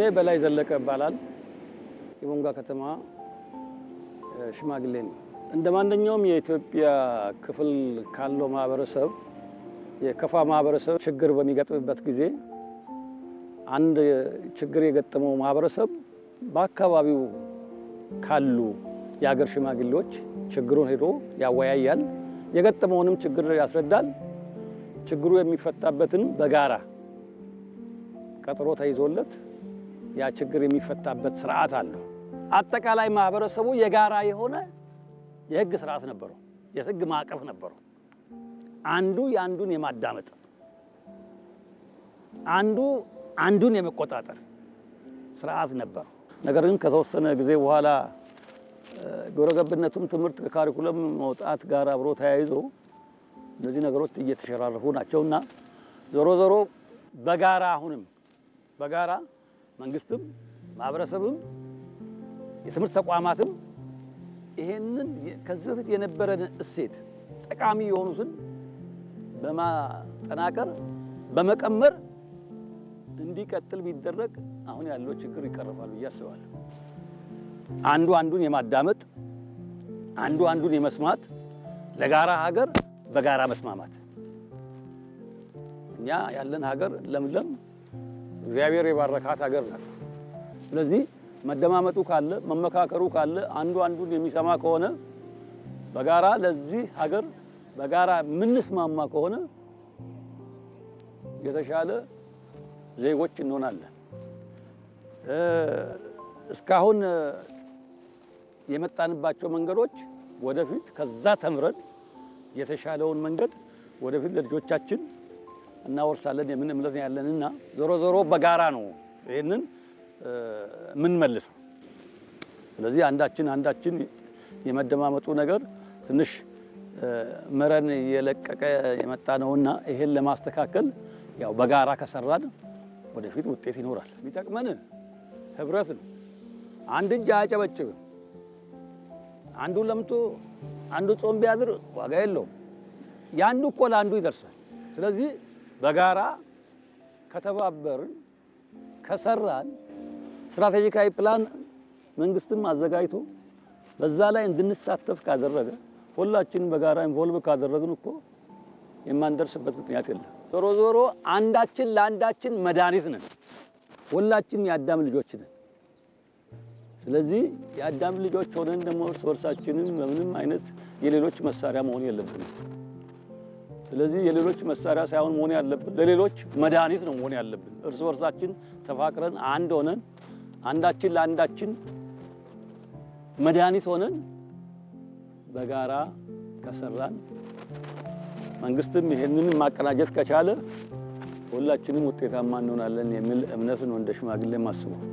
ስሜ በላይ ዘለቀ ይባላል። የቦንጋ ከተማ ሽማግሌ ነው። እንደ ማንኛውም የኢትዮጵያ ክፍል ካለው ማህበረሰብ የከፋ ማህበረሰብ ችግር በሚገጥምበት ጊዜ አንድ ችግር የገጠመው ማህበረሰብ በአካባቢው ካሉ የሀገር ሽማግሌዎች ችግሩን ሄዶ ያወያያል። የገጠመውንም ችግር ያስረዳል። ችግሩ የሚፈታበትን በጋራ ቀጠሮ ተይዞለት ያ ችግር የሚፈታበት ስርዓት አለው። አጠቃላይ ማህበረሰቡ የጋራ የሆነ የህግ ስርዓት ነበረው፣ የህግ ማዕቀፍ ነበረው። አንዱ የአንዱን የማዳመጥ አንዱ አንዱን የመቆጣጠር ስርዓት ነበር። ነገር ግን ከተወሰነ ጊዜ በኋላ ግብረገብነቱም ትምህርት ከካሪኩለም መውጣት ጋር አብሮ ተያይዞ እነዚህ ነገሮች እየተሸራረፉ ናቸውና ዞሮ ዞሮ በጋራ አሁንም በጋራ መንግስትም ማህበረሰብም የትምህርት ተቋማትም ይሄንን ከዚህ በፊት የነበረን እሴት ጠቃሚ የሆኑትን በማጠናከር በመቀመር እንዲቀጥል ቢደረግ አሁን ያለው ችግር ይቀረፋል ብዬ አስባለሁ። አንዱ አንዱን የማዳመጥ አንዱ አንዱን የመስማት ለጋራ ሀገር በጋራ መስማማት እኛ ያለን ሀገር ለምለም እግዚአብሔር የባረካት ሀገር ናት። ስለዚህ መደማመጡ ካለ መመካከሩ ካለ አንዱ አንዱን የሚሰማ ከሆነ በጋራ ለዚህ ሀገር በጋራ የምንስማማ ከሆነ የተሻለ ዜጎች እንሆናለን። እስካሁን የመጣንባቸው መንገዶች ወደፊት ከዛ ተምረን የተሻለውን መንገድ ወደፊት ለልጆቻችን እናወርሳለን የምን እምነት ዞሮ ዞሮ በጋራ ነው ይህንን የምንመልሰው። ስለዚህ አንዳችን አንዳችን የመደማመጡ ነገር ትንሽ መረን የለቀቀ የመጣ ነውና ይሄን ለማስተካከል ያው በጋራ ከሰራን ወደፊት ውጤት ይኖራል። የሚጠቅመን ህብረት ነው። አንድ እጅ አያጨበጭብም። አንዱ ለምቶ አንዱ ጾም ቢያድር ዋጋ የለውም። የአንዱ እኮ ለአንዱ ይደርሳል። ስለዚህ በጋራ ከተባበርን ከሰራን ስትራቴጂካዊ ፕላን መንግስትም አዘጋጅቶ በዛ ላይ እንድንሳተፍ ካደረገ ሁላችንም በጋራ ኢንቮልቭ ካደረግን እኮ የማንደርስበት ምክንያት የለም። ዞሮ ዞሮ አንዳችን ለአንዳችን መድኃኒት ነን። ሁላችን የአዳም ልጆች ነን። ስለዚህ የአዳም ልጆች ሆነን ደግሞ እርስ በርሳችንም በምንም አይነት የሌሎች መሳሪያ መሆን የለብንም። ስለዚህ የሌሎች መሳሪያ ሳይሆን መሆን ያለብን ለሌሎች መድኃኒት ነው መሆን ያለብን። እርስ በርሳችን ተፋቅረን አንድ ሆነን አንዳችን ለአንዳችን መድኃኒት ሆነን በጋራ ከሰራን መንግስትም ይህንን ማቀናጀት ከቻለ ሁላችንም ውጤታማ እንሆናለን የሚል እምነት ነው እንደ ሽማግሌ ማስበው።